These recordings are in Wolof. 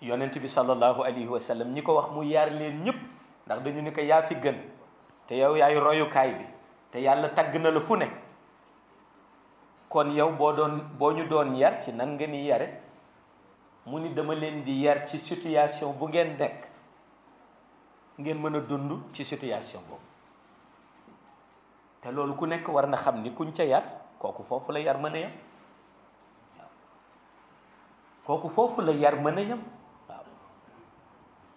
yonent bi sallallahu alayhi wa sallam ñi ko wax mu yaar leen ñëpp ndax dañu ni ko yaa fi gën te yow yaay royukaay bi te yàlla tagg na la fu ne kon yow boo doon boo ñu doon yar ci nan nga ni yare mu ni dama leen di yar ci situation bu ngeen nekk ngeen mën a dund ci situation boobu te loolu ku nekk war na xam ni kuñ ca yar kooku foofu la yar mën a yem kooku foofu la yar mën a yem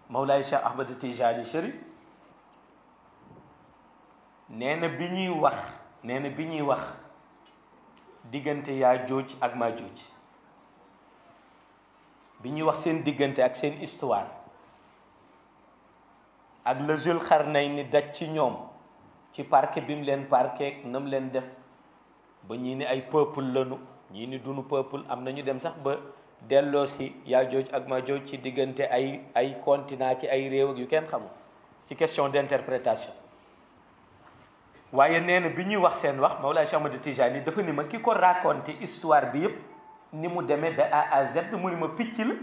Mawlaay Cheikh Ahmad Tijaani Cherif nee na bi ñuy wax neena bi ñuy wax diggante yaa jooj ak maa jooj bi ñuy wax seen diggante ak seen histoire ak la Zul ni daj ci ñoom ci park bi mu leen parquet na mu leen def ba ñii ni ay peuple lañu ñii ni dunu peuple am na ñu dem sax ba delloo si yaa jooj ak ma jooj ci diggante ay ay continent ki ay réew ak yu kenn xamu ci question d'interprétation waaye nee bi ñuy wax seen wax Mawlaay Cheikh Ahmad Tijaani dafa ni ma ki ko raconté histoire bi yëpp ni mu demee de A à Z mu ni ma la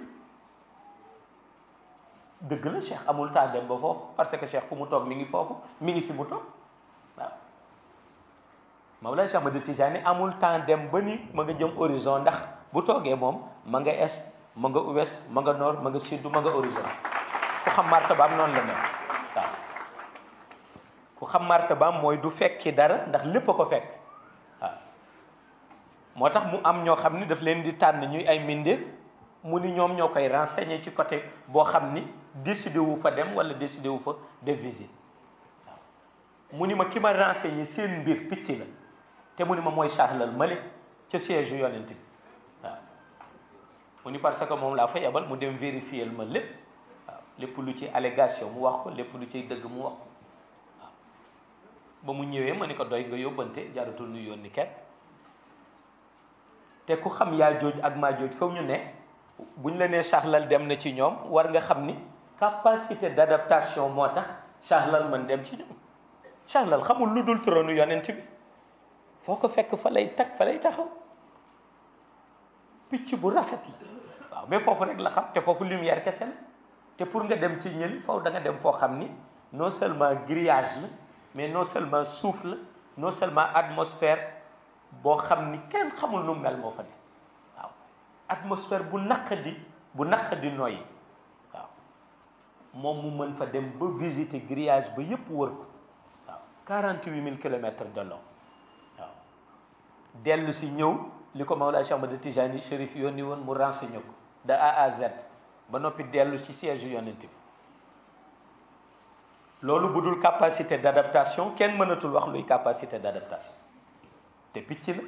dëgg la amul temps dem ba parce que Cheikh fu mu toog mi ngi foofu mi ngi fi mu toog waaw Mawlaay Cheikh Ahmad Tijaani amul temps dem ba ni ma nga jëm horizon ndax bu toogee moom ma nga est ma nga ouest ma nga nord ma nga sud ma nga horizon ku xam martabaam noonu la mel waaw ku xam martabaam mooy du fekki dara ndax lépp a ko fekk waaw moo tax mu am ñoo xam ni daf leen di tànn ñuy ay mbindeef mu ni ñoom ñoo koy renseigner ci côté boo xam ni décidé wu fa dem wala décidé wu fa def visite mu ni ma ki ma renseigner seen mbir picc la te mu ni ma mooy saaxlal male ca siège yu yonent bi mu ni parce que moom laa fa yebal mu dem vérifier ma lépp waaw lépp lu ci allégation mu wax ko lépp lu ci dëgg mu wax ko waaw ba mu ñëwee ma ni ko doy nga yóbbante jarutul nu ni kenn te ku xam yaa jooj ak maa jooj foofu ñu ne buñ la nee saxlal dem na ci ñoom war nga xam ni capacité d'adaptation moo tax saxlal man dem ci ñoom saxlal xamul lu dul tronu yonent bi foo ko fekk fa lay tag fa lay taxaw picc bu rafet la waaw mais foofu rek la xam te foofu lumière kese la te pour nga dem ci ñël faw da nga dem foo xam ni non seulement grillage la mais non seulement suuf la non seulement atmosphère boo xam ni kenn xamul nu mel moo fa ne waaw atmosphère bu naq di bu naq di noyyi waaw moom mu mën fa dem ba visiter grillage ba yépp wër ko waaw quarante-huit mille kilomètres de long waaw dellu si ñëw li ko Mawlaa Cheikh Ahmad Tijaani Chérif ni woon mu renseigné ko de A à Z ba noppi dellu ci siège yonent bi loolu bu dul capacité d'adaptation kenn mënatul wax luy capacité d'adaptation te picc la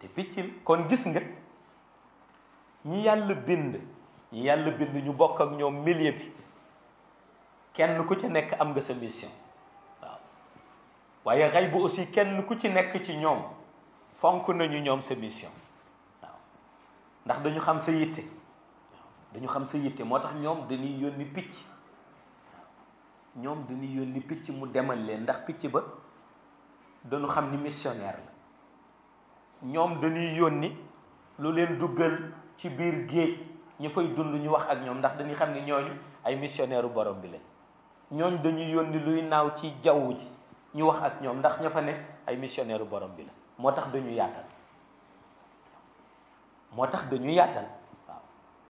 te picc la kon gis nga ñi yàlla bind ñi yàlla bind ñu bokk ak ñoom millier bi kenn ku ci nekk am nga sa mission waaw waaye xay bu aussi kenn ku ci nekk ci ñoom fonk nañu ñoom sa mission waaw ndax dañu xam sa yitte dañu xam sa yitte moo tax ñoom dañuy yónni picc waaw ñoom dañuy yónni picc mu demal leen ndax picc ba dañu xam ni missionnaire ñoom dañuy yónni lu leen duggal ci biir géej ñu fay dund ñu wax ak ñoom ndax dañuy xam ni ñooñu ay missionnaire borom bi lañ ñooñ dañuy yónni luy naaw ci jaww ji ñu wax ak ñoom ndax ña fa ne ay missionnaire borom bi la moo tax dañu yaatal moo tax dañu yaatal